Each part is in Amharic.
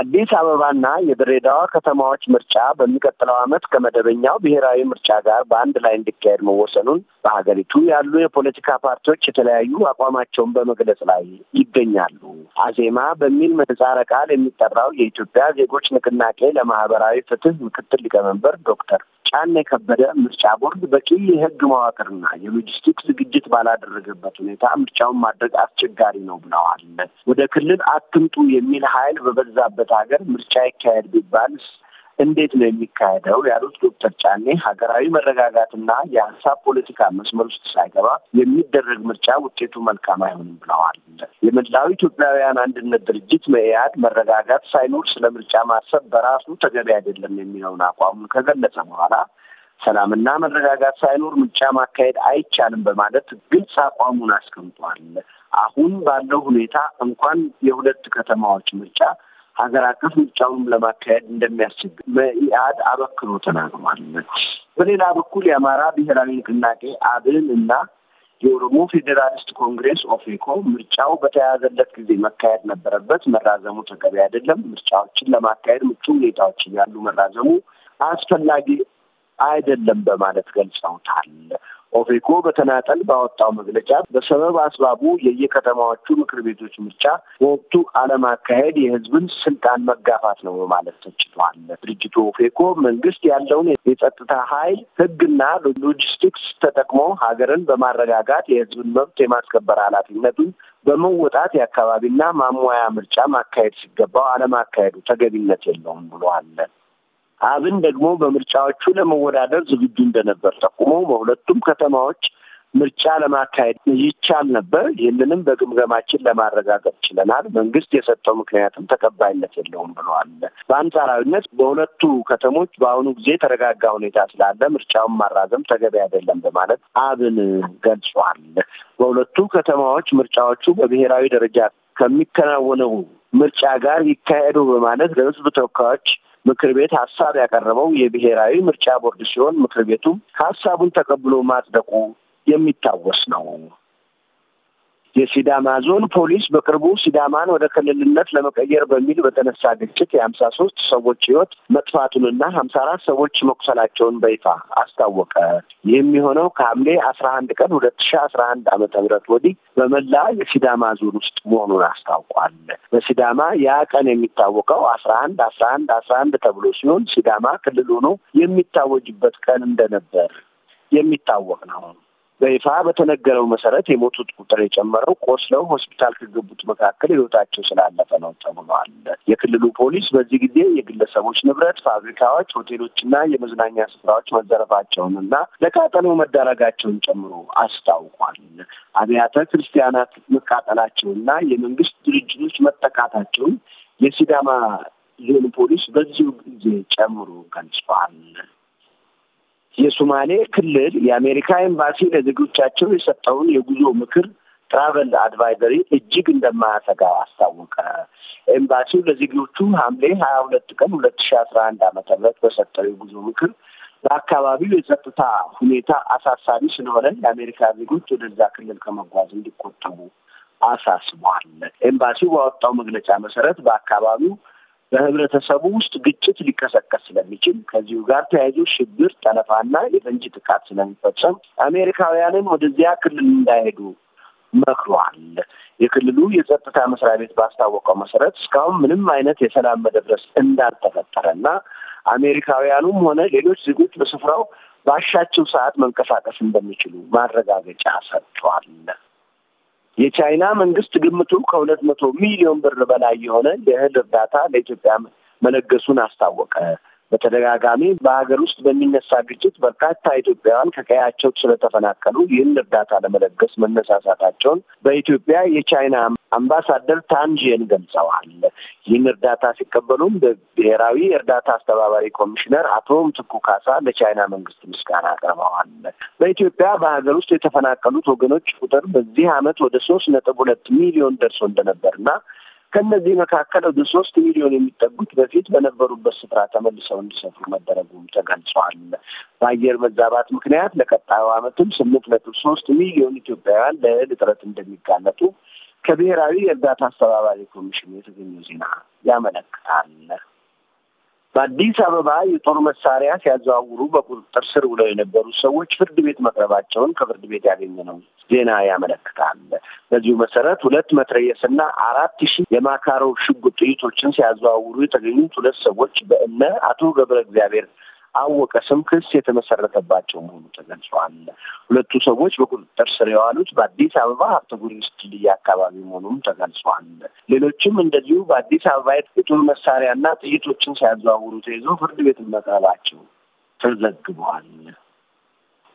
የአዲስ አበባና የድሬዳዋ ከተማዎች ምርጫ በሚቀጥለው ዓመት ከመደበኛው ብሔራዊ ምርጫ ጋር በአንድ ላይ እንዲካሄድ መወሰኑን በሀገሪቱ ያሉ የፖለቲካ ፓርቲዎች የተለያዩ አቋማቸውን በመግለጽ ላይ ይገኛሉ። አዜማ በሚል ምህጻረ ቃል የሚጠራው የኢትዮጵያ ዜጎች ንቅናቄ ለማህበራዊ ፍትህ ምክትል ሊቀመንበር ዶክተር ጫና የከበደ ምርጫ ቦርድ በቂ የህግ መዋቅርና የሎጂስቲክስ ዝግጅት ባላደረገበት ሁኔታ ምርጫውን ማድረግ አስቸጋሪ ነው ብለዋል። ወደ ክልል አትምጡ የሚል ኃይል በበዛበት ሀገር ምርጫ ይካሄድ ቢባል እንዴት ነው የሚካሄደው ያሉት ዶክተር ጫኔ ሀገራዊ መረጋጋትና የሀሳብ ፖለቲካ መስመር ውስጥ ሳይገባ የሚደረግ ምርጫ ውጤቱ መልካም አይሆንም ብለዋል። የመላው ኢትዮጵያውያን አንድነት ድርጅት መኢአድ መረጋጋት ሳይኖር ስለ ምርጫ ማሰብ በራሱ ተገቢ አይደለም የሚለውን አቋሙን ከገለጸ በኋላ ሰላምና መረጋጋት ሳይኖር ምርጫ ማካሄድ አይቻልም በማለት ግልጽ አቋሙን አስቀምጧል። አሁን ባለው ሁኔታ እንኳን የሁለት ከተማዎች ምርጫ ሀገር አቀፍ ምርጫውንም ለማካሄድ እንደሚያስቸግር መኢአድ አበክሮ ተናግሯል። በሌላ በኩል የአማራ ብሔራዊ ንቅናቄ አብን እና የኦሮሞ ፌዴራሊስት ኮንግሬስ ኦፌኮ ምርጫው በተያያዘለት ጊዜ መካሄድ ነበረበት፣ መራዘሙ ተገቢ አይደለም፣ ምርጫዎችን ለማካሄድ ምቹ ሁኔታዎች እያሉ መራዘሙ አስፈላጊ አይደለም በማለት ገልጸውታል። ኦፌኮ በተናጠል ባወጣው መግለጫ በሰበብ አስባቡ የየከተማዎቹ ምክር ቤቶች ምርጫ በወቅቱ አለማካሄድ የህዝብን ስልጣን መጋፋት ነው በማለት ተችቷል። ድርጅቱ ኦፌኮ መንግስት ያለውን የጸጥታ ኃይል ህግና ሎጂስቲክስ ተጠቅሞ ሀገርን በማረጋጋት የህዝብን መብት የማስከበር ኃላፊነቱን በመወጣት የአካባቢና ማሟያ ምርጫ ማካሄድ ሲገባው አለማካሄዱ ተገቢነት የለውም ብለዋል። አብን ደግሞ በምርጫዎቹ ለመወዳደር ዝግጁ እንደነበር ጠቁሞ በሁለቱም ከተማዎች ምርጫ ለማካሄድ ይቻል ነበር። ይህንንም በግምገማችን ለማረጋገጥ ችለናል። መንግስት የሰጠው ምክንያትም ተቀባይነት የለውም ብለዋል። በአንጻራዊነት በሁለቱ ከተሞች በአሁኑ ጊዜ ተረጋጋ ሁኔታ ስላለ ምርጫውን ማራዘም ተገቢ አይደለም በማለት አብን ገልጿል። በሁለቱ ከተማዎች ምርጫዎቹ በብሔራዊ ደረጃ ከሚከናወነው ምርጫ ጋር ይካሄዱ በማለት ለህዝብ ተወካዮች ምክር ቤት ሀሳብ ያቀረበው የብሔራዊ ምርጫ ቦርድ ሲሆን ምክር ቤቱም ሀሳቡን ተቀብሎ ማጽደቁ የሚታወስ ነው። የሲዳማ ዞን ፖሊስ በቅርቡ ሲዳማን ወደ ክልልነት ለመቀየር በሚል በተነሳ ግጭት የሀምሳ ሶስት ሰዎች ህይወት መጥፋቱንና ሀምሳ አራት ሰዎች መቁሰላቸውን በይፋ አስታወቀ። ይህም የሆነው ከሐምሌ አስራ አንድ ቀን ሁለት ሺ አስራ አንድ ዓመተ ምህረት ወዲህ በመላ የሲዳማ ዞን ውስጥ መሆኑን አስታውቋል። በሲዳማ ያ ቀን የሚታወቀው አስራ አንድ አስራ አንድ አስራ አንድ ተብሎ ሲሆን ሲዳማ ክልል ሆኖ የሚታወጅበት ቀን እንደነበር የሚታወቅ ነው። በይፋ በተነገረው መሰረት የሞቱት ቁጥር የጨመረው ቆስለው ሆስፒታል ከገቡት መካከል ህይወታቸው ስላለፈ ነው ተብሏል። የክልሉ ፖሊስ በዚህ ጊዜ የግለሰቦች ንብረት፣ ፋብሪካዎች፣ ሆቴሎችና የመዝናኛ ስፍራዎች መዘረፋቸውን እና ለቃጠሎ መዳረጋቸውን ጨምሮ አስታውቋል። አብያተ ክርስቲያናት መቃጠላቸውና የመንግስት ድርጅቶች መጠቃታቸውን የሲዳማ ዞን ፖሊስ በዚሁ ጊዜ ጨምሮ ገልጿል። የሱማሌ ክልል የአሜሪካ ኤምባሲ ለዜጎቻቸው የሰጠውን የጉዞ ምክር ትራቨል አድቫይዘሪ እጅግ እንደማያሰጋ አስታወቀ። ኤምባሲው ለዜጎቹ ሐምሌ ሀያ ሁለት ቀን ሁለት ሺ አስራ አንድ ዓመተ ምህረት በሰጠው የጉዞ ምክር በአካባቢው የጸጥታ ሁኔታ አሳሳቢ ስለሆነ የአሜሪካ ዜጎች ወደዛ ክልል ከመጓዝ እንዲቆጠቡ አሳስቧል። ኤምባሲው ባወጣው መግለጫ መሰረት በአካባቢው በህብረተሰቡ ውስጥ ግጭት ሊቀሰቀስ ስለሚችል ከዚሁ ጋር ተያይዞ ሽብር፣ ጠለፋና የፈንጂ ጥቃት ስለሚፈጸም አሜሪካውያንን ወደዚያ ክልል እንዳይሄዱ መክሯል። የክልሉ የጸጥታ መስሪያ ቤት ባስታወቀው መሰረት እስካሁን ምንም አይነት የሰላም መደፍረስ እንዳልተፈጠረና አሜሪካውያኑም ሆነ ሌሎች ዜጎች በስፍራው ባሻቸው ሰዓት መንቀሳቀስ እንደሚችሉ ማረጋገጫ ሰጥቷል። የቻይና መንግስት ግምቱ ከሁለት መቶ ሚሊዮን ብር በላይ የሆነ የእህል እርዳታ ለኢትዮጵያ መለገሱን አስታወቀ። በተደጋጋሚ በሀገር ውስጥ በሚነሳ ግጭት በርካታ ኢትዮጵያውያን ከቀያቸው ስለተፈናቀሉ ይህን እርዳታ ለመለገስ መነሳሳታቸውን በኢትዮጵያ የቻይና አምባሳደር ታንዥን ገልጸዋል። ይህን እርዳታ ሲቀበሉም በብሔራዊ እርዳታ አስተባባሪ ኮሚሽነር አቶ ምትኩ ካሳ ለቻይና መንግስት ምስጋና አቅርበዋል። በኢትዮጵያ በሀገር ውስጥ የተፈናቀሉት ወገኖች ቁጥር በዚህ ዓመት ወደ ሶስት ነጥብ ሁለት ሚሊዮን ደርሶ እንደነበርና ከእነዚህ መካከል ወደ ሶስት ሚሊዮን የሚጠጉት በፊት በነበሩበት ስፍራ ተመልሰው እንዲሰፍሩ መደረጉም ተገልጿል። በአየር መዛባት ምክንያት ለቀጣዩ ዓመትም ስምንት ነጥብ ሶስት ሚሊዮን ኢትዮጵያውያን ለእህል እጥረት እንደሚጋለጡ ከብሔራዊ የእርዳታ አስተባባሪ ኮሚሽን የተገኘው ዜና ያመለክታል። በአዲስ አበባ የጦር መሳሪያ ሲያዘዋውሩ በቁጥጥር ስር ውለው የነበሩ ሰዎች ፍርድ ቤት መቅረባቸውን ከፍርድ ቤት ያገኘነው ዜና ያመለክታል። በዚሁ መሰረት ሁለት መትረየስና አራት ሺ የማካሮ ሽጉጥ ጥይቶችን ሲያዘዋውሩ የተገኙት ሁለት ሰዎች በእነ አቶ ገብረ እግዚአብሔር አወቀ ስም ክስ የተመሰረተባቸው መሆኑ ተገልጿል። ሁለቱ ሰዎች በቁጥጥር ስር የዋሉት በአዲስ አበባ ሀብተጎሪስ ድልድይ አካባቢ መሆኑም ተገልጿል። ሌሎችም እንደዚሁ በአዲስ አበባ የጦር መሳሪያና ጥይቶችን ሲያዘዋውሩ ተይዘው ፍርድ ቤት መቅረባቸው ተዘግበዋል።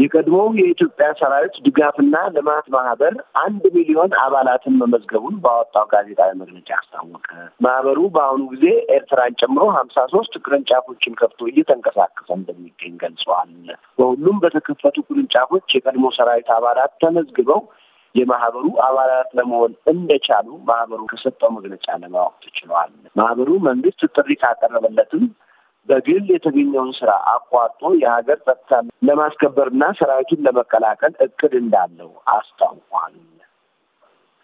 የቀድሞው የኢትዮጵያ ሰራዊት ድጋፍና ልማት ማህበር አንድ ሚሊዮን አባላትን መመዝገቡን ባወጣው ጋዜጣዊ መግለጫ አስታወቀ። ማህበሩ በአሁኑ ጊዜ ኤርትራን ጨምሮ ሀምሳ ሶስት ቅርንጫፎችን ከፍቶ እየተንቀሳቀሰ እንደሚገኝ ገልጸዋል። በሁሉም በተከፈቱ ቅርንጫፎች የቀድሞ ሰራዊት አባላት ተመዝግበው የማህበሩ አባላት ለመሆን እንደቻሉ ማህበሩ ከሰጠው መግለጫ ለማወቅ ተችሏል። ማህበሩ መንግስት ጥሪ ካቀረበለትም በግል የተገኘውን ስራ አቋርጦ የሀገር ጸጥታ ለማስከበርና ሰራዊቱን ለመቀላቀል እቅድ እንዳለው አስታውቋል።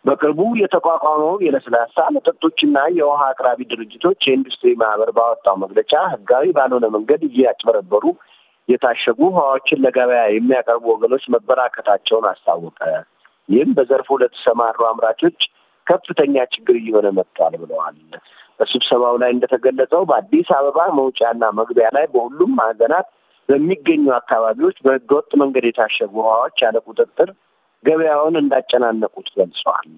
በቅርቡ የተቋቋመው የለስላሳ መጠጦችና የውሃ አቅራቢ ድርጅቶች የኢንዱስትሪ ማህበር ባወጣው መግለጫ ህጋዊ ባልሆነ መንገድ እያጭበረበሩ የታሸጉ ውሃዎችን ለገበያ የሚያቀርቡ ወገኖች መበራከታቸውን አስታወቀ። ይህም በዘርፉ ለተሰማሩ አምራቾች ከፍተኛ ችግር እየሆነ መጥቷል ብለዋል። በስብሰባው ላይ እንደተገለጸው በአዲስ አበባ መውጫና መግቢያ ላይ በሁሉም ማዕዘናት በሚገኙ አካባቢዎች በህገወጥ መንገድ የታሸጉ ውሃዎች ያለ ቁጥጥር ገበያውን እንዳጨናነቁት ገልጸዋል።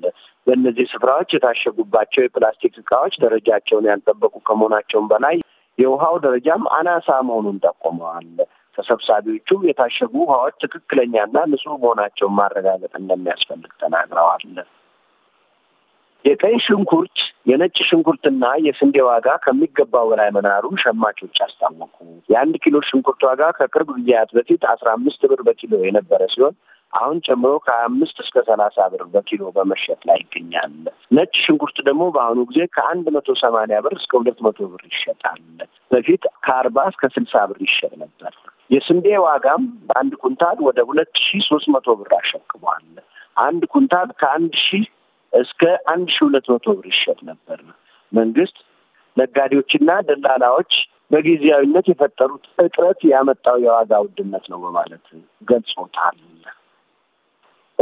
በእነዚህ ስፍራዎች የታሸጉባቸው የፕላስቲክ እቃዎች ደረጃቸውን ያልጠበቁ ከመሆናቸውም በላይ የውሃው ደረጃም አናሳ መሆኑን ጠቁመዋል። ተሰብሳቢዎቹ የታሸጉ ውሃዎች ትክክለኛና ንጹህ መሆናቸውን ማረጋገጥ እንደሚያስፈልግ ተናግረዋል። የቀይ ሽንኩርት የነጭ ሽንኩርትና የስንዴ ዋጋ ከሚገባው በላይ መናሩን ሸማቾች አስታወቁ። የአንድ ኪሎ ሽንኩርት ዋጋ ከቅርብ ጊዜያት በፊት አስራ አምስት ብር በኪሎ የነበረ ሲሆን አሁን ጨምሮ ከሀያ አምስት እስከ ሰላሳ ብር በኪሎ በመሸጥ ላይ ይገኛል። ነጭ ሽንኩርት ደግሞ በአሁኑ ጊዜ ከአንድ መቶ ሰማኒያ ብር እስከ ሁለት መቶ ብር ይሸጣል። በፊት ከአርባ እስከ ስልሳ ብር ይሸጥ ነበር። የስንዴ ዋጋም በአንድ ኩንታል ወደ ሁለት ሺ ሶስት መቶ ብር አሸቅቧል። አንድ ኩንታል ከአንድ ሺህ እስከ አንድ ሺ ሁለት መቶ ብር ይሸጥ ነበር። መንግስት ነጋዴዎችና ደላላዎች በጊዜያዊነት የፈጠሩት እጥረት ያመጣው የዋጋ ውድነት ነው በማለት ገልጾታል።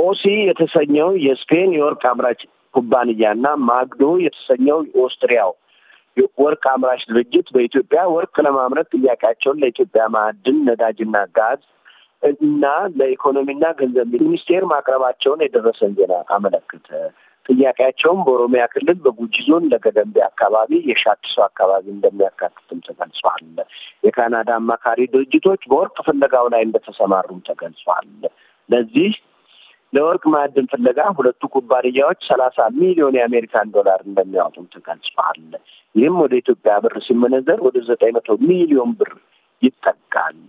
ኦሲ የተሰኘው የስፔን የወርቅ አምራች ኩባንያና ማግዶ የተሰኘው የኦስትሪያው ወርቅ አምራች ድርጅት በኢትዮጵያ ወርቅ ለማምረት ጥያቄያቸውን ለኢትዮጵያ ማዕድን ነዳጅና ጋዝ እና ለኢኮኖሚና ገንዘብ ሚኒስቴር ማቅረባቸውን የደረሰን ዜና አመለከተ። ጥያቄያቸውም በኦሮሚያ ክልል በጉጂ ዞን ለገደምቢ አካባቢ የሻኪሶ አካባቢ እንደሚያካትትም ተገልጿል። የካናዳ አማካሪ ድርጅቶች በወርቅ ፍለጋው ላይ እንደተሰማሩም ተገልጿል። ለዚህ ለወርቅ ማዕድን ፍለጋ ሁለቱ ኩባንያዎች ሰላሳ ሚሊዮን የአሜሪካን ዶላር እንደሚያወጡም ተገልጿል። ይህም ወደ ኢትዮጵያ ብር ሲመነዘር ወደ ዘጠኝ መቶ ሚሊዮን ብር ይጠጋል።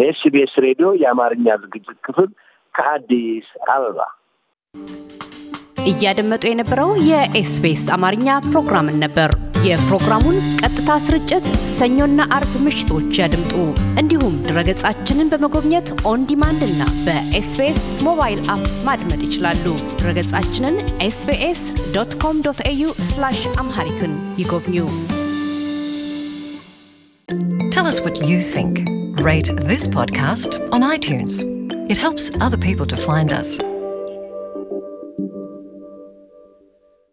ለኤስቢኤስ ሬዲዮ የአማርኛ ዝግጅት ክፍል ከአዲስ አበባ እያደመጡ የነበረው የኤስቢኤስ አማርኛ ፕሮግራምን ነበር። የፕሮግራሙን ቀጥታ ስርጭት ሰኞና አርብ ምሽቶች ያድምጡ። እንዲሁም ድረገጻችንን በመጎብኘት ኦን ዲማንድ እና በኤስቢኤስ ሞባይል አፕ ማድመጥ ይችላሉ። ድረገጻችንን ኤስቢኤስ ዶት ኮም ዶት ኤዩ አምሃሪክን ይጎብኙ። Tell us what you think. Rate this podcast on iTunes. It helps other people to find us.